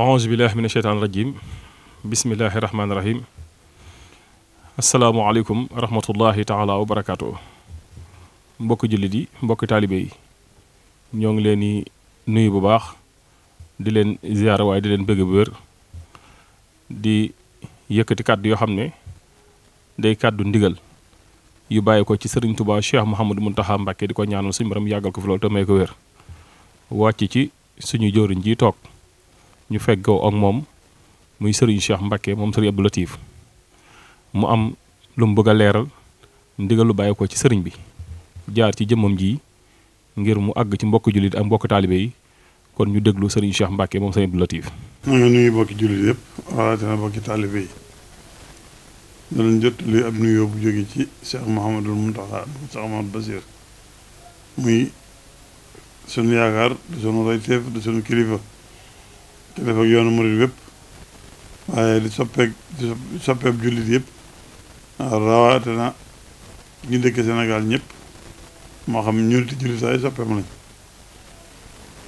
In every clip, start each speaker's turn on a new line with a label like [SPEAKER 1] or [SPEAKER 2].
[SPEAKER 1] aouzu billahi min asheytaan rajim bismillahi rahmaani rahim asalaamualeykum wa rahmatullahi taala wa barakaatu mbokki jullit yi mbokki taalibe yi ñoo ngi leen di nuyu bu baax di leen ziyaara waaye di leen bëgg bu wér di yëkkati kàddu yoo xam ne day kàddu ndigal yu bàyyi ko ci sëriñ Touba Cheikh Mouhamadou Mountakha Mbacké di ko ñaanal suñu borom yàggal ko fi loolu te may ko wér wàcc ci suñu jóoruñ ji toog ñu feggoo ak moom muy sëriñ Cheikh Mbacké moom sëriñ Abdou Latif mu am lu mu bëgg a leeral ndigalu lu bàyyi ko ci sëriñ bi jaar ci jëmmam ji ngir mu àgg ci mbokk jullit ak mbokk taalibe kon ñu déglu sëriñ Cheikh Mbacké moom sëriñ
[SPEAKER 2] mbokki jullit yëpp rawatina mbokki taalibe yi. da jot luy ab nuyoo bu jóge ci Cheikh Mouhamadul Mountakha Cheikh Mouhamadou Bassir muy sunu yaakaar du sunu royteef du sunu kilifa. te def ak yoonu murit wépp waaye di soppeek di soppeeb jullit yëpp na ñu dëkk Sénégal ñëpp moo xam ñuriti jullit ay soppeem lañ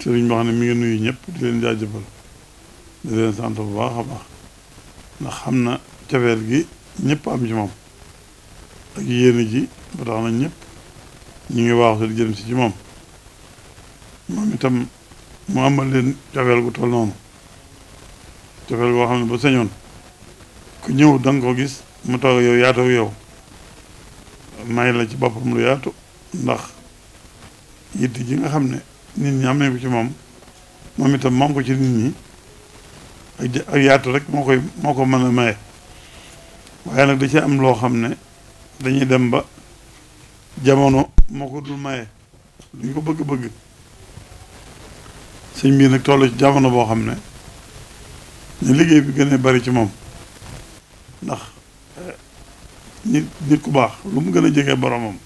[SPEAKER 2] sëriñ boo xam ne mi ngi nuyu ñëpp di leen jaajëfal di bu baax a ndax xam na cofeel gi ñëpp am ci ji ba tax na ñëpp ñu ngi waaxu di jëm si ci moom moom itam mu amal leen cofeel gu toll noonu cofeel boo xam ne ba sañoon ku ñëw da ko gis mu toog yow yaataw yow may la ci boppam lu yaatu ndax yitt ji nga xam ne nit ñi am nañ ko ci moom moom itam moom ci nit ñi ak yaatu rek moo koy moo ko mën a maye waaye nag da ci am loo xam ne dañuy dem ba jamono moo ko dul maye duñ ko bëgg-bëgg sëñ bii nag toll ci jamono boo xam ne ñu liggéey bi gën a bari ci moom ndax eh, nit nit ku baax lu mu gën a jege boromam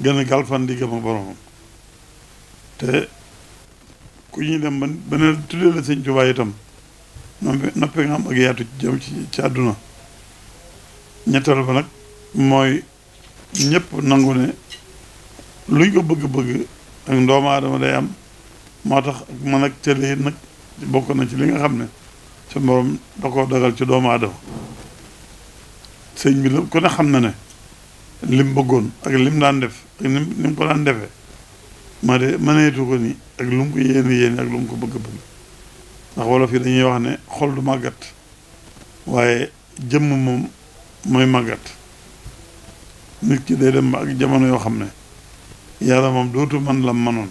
[SPEAKER 2] gën a galfan di gëm ak boromam te ku ñuy dem ba ne tuddee la sëñ Tuubaa itam noppi nga am ak yaatu jëm ci ci àdduna ñetteel ba nag mooy ñëpp nangu ne luñ ko bëgg-bëgg ak ndoomu aadama day am moo tax ak man ak télé nag bokk na ci li nga xam ne su borom da ko dogal ci doomu aadama sëñ bi ku ne xam na ne lim bëggoon ak lim daan def ak nim mu ko daan defee ma de mëneetu ko nii ak lu mu ko yéene yéene ak lu ko bëgg bëgg ndax wolof yi dañuy wax ne xol du màggat waaye jëmm moom mooy màggat nit ki day dem ba ak jamono yoo xam ne yàlla moom dootu man lam manoon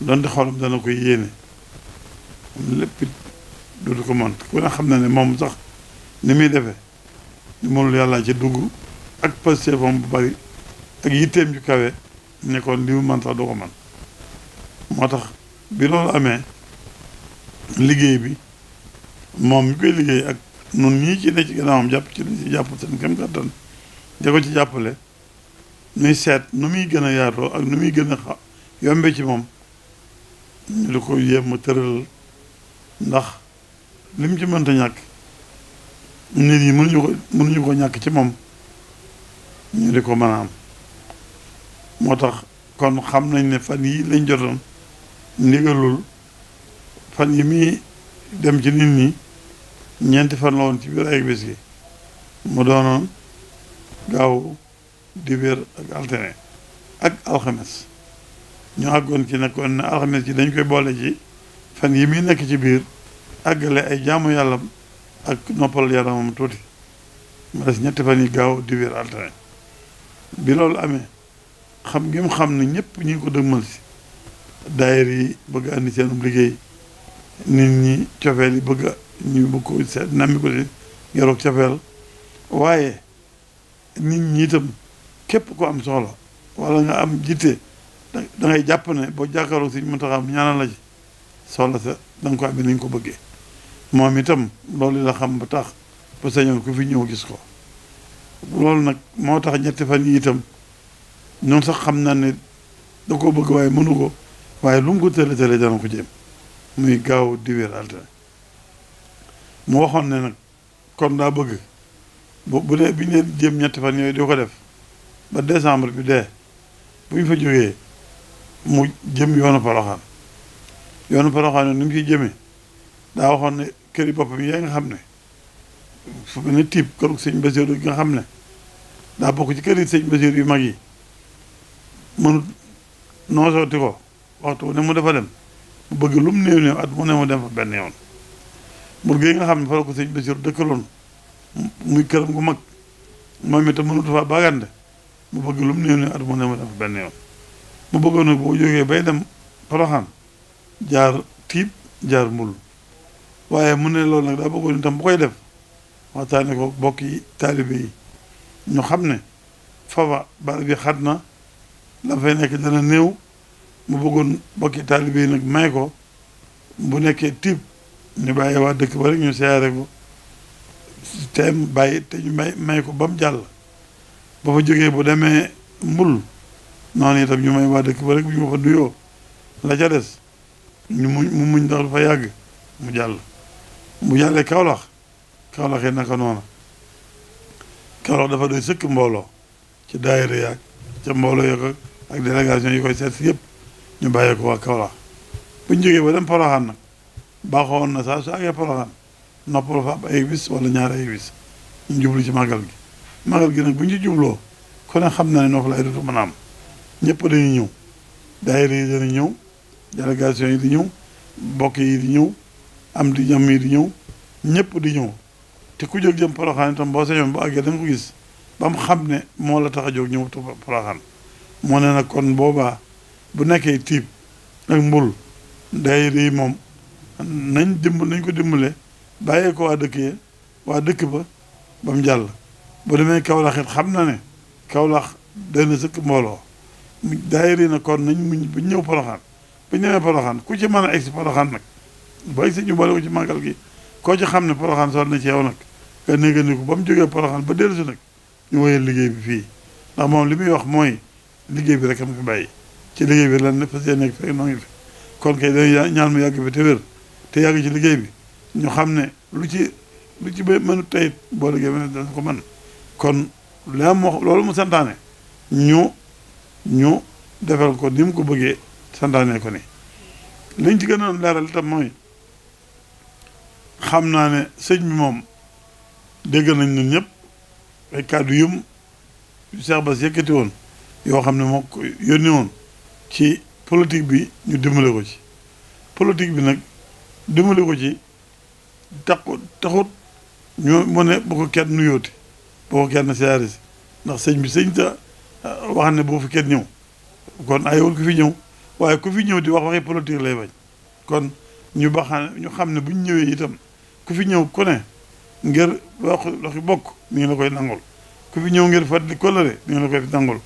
[SPEAKER 2] donte xolam dana ko yéene dootu ko mën ku ne xam na ne moom sax ni muy defee ni mënul yàllaa ci dugg ak pastéefam bu bari ak yitteem ju kawe nekkoon kon li mu mën sax du ko mën moo tax bi loolu amee liggéey bi moom mi koy liggéey ak nun ñii ci ne ci am jàpp ci li ci jàpp seen kem kàttan da ci jàppale nuy seet nu muy gën a yaatoo ak nu muy gën a xa ci moom ñu di ko yéem a tëral ndax li mu ci mënta ñàkk nit ñi mënuñu ko mënuñu ko ñàkk ci moom ñu di ko mën a am moo tax kon xam nañ ne fan yi lañ jotoon ndigalul fan yi muy dem ci nit ñi ñeenti fan la woon ci biir ay bis yi mu doonoon gaaw dibéer ak altine ak alxames ñu àggoon ki nekkoon ne alxames ji dañ koy boole ji fan yi muy nekk ci biir àggale ay jaamu yàlla ak noppal yaramam tuuti ma des ñetti fan yi gaaw di wér altine bi loolu amee xam ngi mu xam ne ñëpp ñu ngi ko dëgmal si daayir yi bëgg andi seenum liggéey nit ñi cofeel yi bëgg ñu bëgg ko seet nammi ko si yaroog cofeel waaye nit ñi itam képp ko am soxla walla nga am jiite da ngay jàpp ne boo jàkkaaroo si ñu mën taxaam ñaanal la ci soxla sa da nga ko amee nañ ko bëggee moom itam loolu la xam ba tax ba sañoon ku fi ñëw gis ko loolu nag moo tax ñetti fan yi itam noon sax xam na ni da ko bëgg waaye mënu ko waaye lu mu ko tële tële dana ko jéem muy gaaw diwéer altine mu waxoon ne nag kon daa bëgg bu bu dee bi jëm ñetti fan yooyu di ko def ba décembre bi dee bu ñu fa jógee mu jëm yoonu Poroxaan yoonu Poroxaan ni mu ciy daa waxoon ne kër yi boppam yaa nga xam ne fu mu ne tiib kër sëñ Basiiru gi nga xam ne daa bokk ci kër yi sëñ Basiiru yu mag yi mënut noosooti ko waxtu ne mu dafa dem mu bëgg lu néew néew at mu ne mu dem fa benn yoon gi nga xam ne fa ko sëñ Basiiru dëkkaloon muy këram gu mag moom itam mënut mu bëgg lu mu néew néew bëggoon nag boo jógee bay dem Poroxaan jaar tiib jaar mbul waaye mu ne lool nag daa bëggoon itam bu koy def waxtaane ko bokk yi taalibe yi ñu xam ne faba barab bi xat na dafay nekk dana néew mu bëggoon bokki taalibe yi nag may ko bu nekkee tiib ñu bàyyi waa dëkk ba rek ñu siyaare ko te bàyyi te ñu may may ko ba jàll ba fa jógee bu demee mbul noonu tam ñu may waa dëkk ba rek bu ñu ko fa duyoo la ca des ñu muñ mu muñ ndax du fa yàgg mu jàll bu jàllee Kaolack Kaolack yi naka noona Kaolack dafa doy sëkk mbooloo ci daayira ak ca mbooloo yeeg ak délégation yi koy seet yëpp ñu bàyyee ko waa Kaolack bu ñu jógee ba dem Poroxaan nag baaxoon na saa su àggee Poroxaan noppal fa ab ay bis wala ñaar ay bis ñu jublu ci màggal gi màggal gi nag bu ñu ci jubloo ku xam na ne noppal ay dutu mën a am ñëpp dañuy ñëw daayira yi dana ñëw délégation yi di ñëw bokk yi di ñëw am di ñam mii di ñëw ñëpp di ñëw te ku jóg jëm poroxaan itam boo sañoon bu àggee da ko gis ba xam ne moo la tax a jóg ñëw poroxaan moo ne nag kon boobaa bu nekkee tiib ak mbul day réy moom nañ dimb nañ ko dimbale bàyyee ko waa dëkk yee waa dëkk ba ba mu jàll bu demee Kawlax xam na ne Kawlax doy na sëkk mbooloo daayiri na kon nañ mu ñëw poroxaan bu ñëwee poroxaan ku ci mën a egsi poroxaan nag boo gisee ñu boole ko ci màggal gi koo ci xam ne poroxaan sor na ci yow nag nga ko ba mu jógee poroxaan ba si nag ñu woyal liggéey bi fii ndax moom li muy wax mooy liggéey bi rek am fi bàyyi ci liggéey bi lan ne fas yéene nekk fekk noo ñaan mu yàgg fi te wér te ci liggéey bi ñu xam ne lu ci lu ci mënu tayit boo liggéey bi dana ko mën kon la mo loolu mu santaane ñu ko ni ko bëggee santaane ko ni liñ ci gën a leeral itam mooy xam naa ne sëñ bi moom dégg nañ ñun ñëpp ay kàddu yum Cheikh Bass yëkkati woon yoo xam ne moo ko yónni woon ci politique bi ñu dimbale ko ci politique bi nag dimbale ko ci taxut taxut ñu mu ne bu ko kenn nuyooti bu ko kenn siyaare si ndax sëñ bi sëñ ta ah, wax ne boo fi kenn ñëw kon ay woon ku fi ñëw waaye ku fi ñëw di wax waxi politique lay bañ kon ñu baxaan ñu xam ne buñ ñëwee itam ku fi ñëw ku ngir wax loxi bokk mi ngi la koy nangul ku fi ñëw ngir fàttali kolëre mi ngi la koy nangul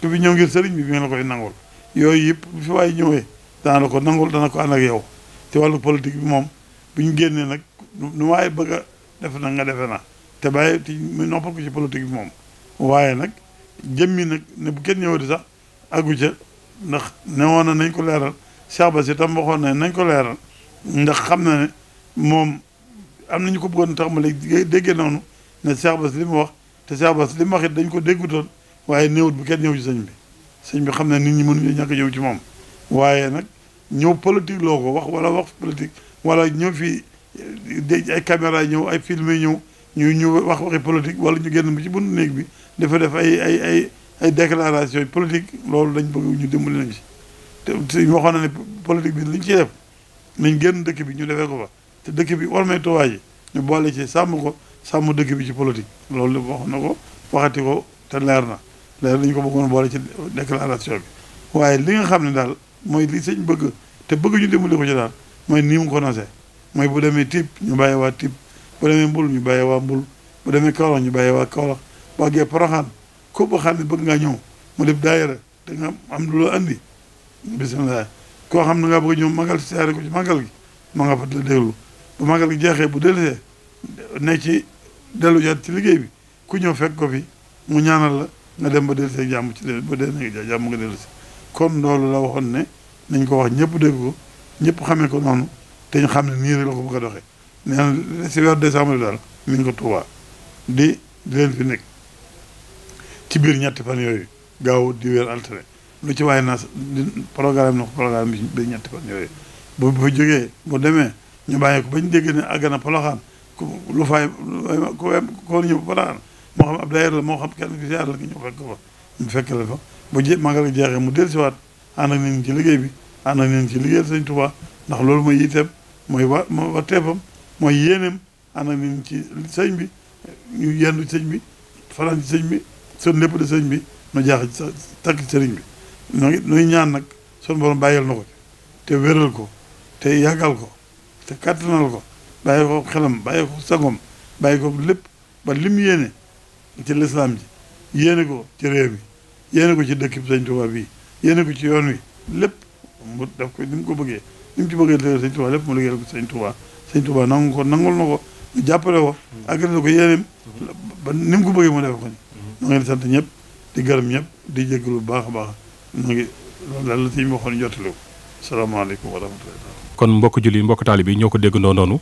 [SPEAKER 2] ku fi ñëw ngir sëriñ bi mi ngi la koy nangul yooyu yëpp bu fi waaye ñëwee dana ko nangul dana ko ànd ak yow te wàllu politique bi moom bu buñ génnee nag nu waaye bëgg def na nga defe na te bàyyi ti mu noppal ko ci politique bi moom waaye nag jëmmi nag ne bu kenn ñëwati sax àggu ca ndax newoon na nañ ko leeral Cheikh Bassi tam waxoon ne nañ ko leeral ndax xam na ne moom am na ñu ko bëggoon tax ma léegi déggee noonu ne Cheikh li mu wax te Cheikh Bass li mu wax dañ ko déggutoon waaye néewut bu kenn ñëw ci sëñ bi sëñ bi xam ne nit ñi mënuñu ñàkk ñëw ci moom waaye nag ñëw politique loo ko wax wala wax politique wala ñëw fii dégg ay caméra ñëw ay film ñëw ñu ñu wax waxi politique wala ñu génn ba ci buntu néeg bi dafa def ay ay ay ay déclaration politique loolu dañ bëgg ñu dimbali nañ ci te waxoon na ne politique bi liñ ci def nañ génn dëkk bi ñu defee ko fa te dëkk bi war may Tuubaa ji ñu boole ci sàmm ko sàmm dëkk bi ci politique loolu la wax na ko waxati ko te leer na leer dañu ko bëggoon boole ci déclaration bi waaye li nga xam ne daal mooy li sëñ bëgg te bëgg ñu dimbali ko ci daal mooy nii mu ko nosee mooy bu demee Tip ñu bàyyee waa Tip bu demee Mbul ñu bàyyee waa Mbul bu demee Kaolack ñu bàyyee waa Kaolack ba gee Poroxaan ko ba xam ne bëgg ngaa ñëw mu def daayira te nga am lu la andi bisimilah koo xam ne nga bëgg ñëw magal siyaare ko ci magal gi ma nga fa déglu bu magal gi jeexee bu dellusee ne ci dellu jaat ci liggéey bi ku ñëw fekk ko fi mu ñaanal la nga dem ba dellusee jàmm ci dé ba dee nga jàmm nga dellusee la waxoon ne nañ ko wax ñëpp dégg ko ñëpp xamee ko noonu te ñu xam ne nii rek la ko bëgg a doxee nee na si weeru décembre bi daal mi ko Tuubaa di di leen fi nekk ci biir ñetti fan yooyu gaaw di weer altine lu ci waaye na programme na ko programme bi ñetti fan yooyu bu bu jógee bu demee ñu bàyyi ko bañ dégg ne àgg na poloxaan ku lu fay ku ko ñëw poloxaan moo xam ab daayira la moo xam kenn ku siyaar ñu fekk ko fa ñu fekk la fa bu je magal jeexee mu dellusiwaat ànd ak nañ ci liggéey bi ànd ak nañ ci liggéey Sëñ Tuubaa ndax loolu mooy yitteem mooy wa wa teefam mooy yéeneem ànd ak nañ ci sëñ bi ñu ci sëñ bi fanaan ci sëñ bi seen lépp de sëñ bi nu jaax ci takk ci sëriñ bi ñoo ngi ñaan nag sunu borom bàyyil na ko te wéral ko te yàggal ko te kàttanal ko bàyyi ko xelam bàyyi ko sangom bàyyi ko lépp ba lim yéene ci lislaam ji yéene ko ci réew mi yéene ko ci dëkk bi sëñ Tuubaa bi yéene ko ci yoon wi lépp mu def ko ni mu ko bëggee ni mu ci bëggee liggéeyal sëñ Tuubaa lépp mu liggéeyal ko sëñ Tuubaa sëñ Tuubaa nangu ko nangul na ko jàppale ko agréé ko yéeneem ba ni mu ko bëggee mu def ko ni ma mm-hmm. ngi sant ñëpp di gërëm ñëpp di jégg lu baax baax mu ngi loolu daal la fi salaamaaleykum wa rahmatulah.
[SPEAKER 1] kon mbokk julli mbokk taalibe yi ñoo ko déggandoo noonu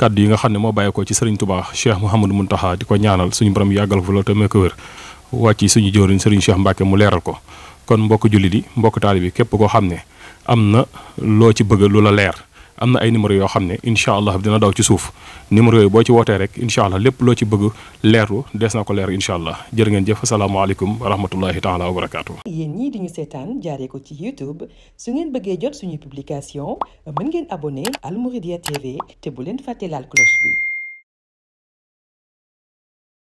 [SPEAKER 1] kàddu yi nga xam ne moo bàyyeekoo ci sëriñ Touba Cheikh Mouhamadou Mountakha di ko ñaanal suñu borom yàggal ko lool te mee ko wér wàcc suñu jëwriñ sëriñ Cheikh Mbacke mu leeral ko kon mbokk julli di mbokk taalibe yi képp koo xam ne am na loo ci bëgg lu la leer am na ay numéro yoo xam ne incha allah dina daw ci suuf numéro yooyu boo ci wootee rek incha allah lépp loo ci bëgg leeru des na ko leer incha allah jërë ngeen jëf asalaamaaleykum wa rahmatullahi taala wa barakaatu. yéen ñii di ñu seetaan jaaree ko ci YouTube su ngeen bëggee jot suñuy publication mën ngeen abonné Al Mouridiyyah TV te bu leen fàtte laal cloche bi.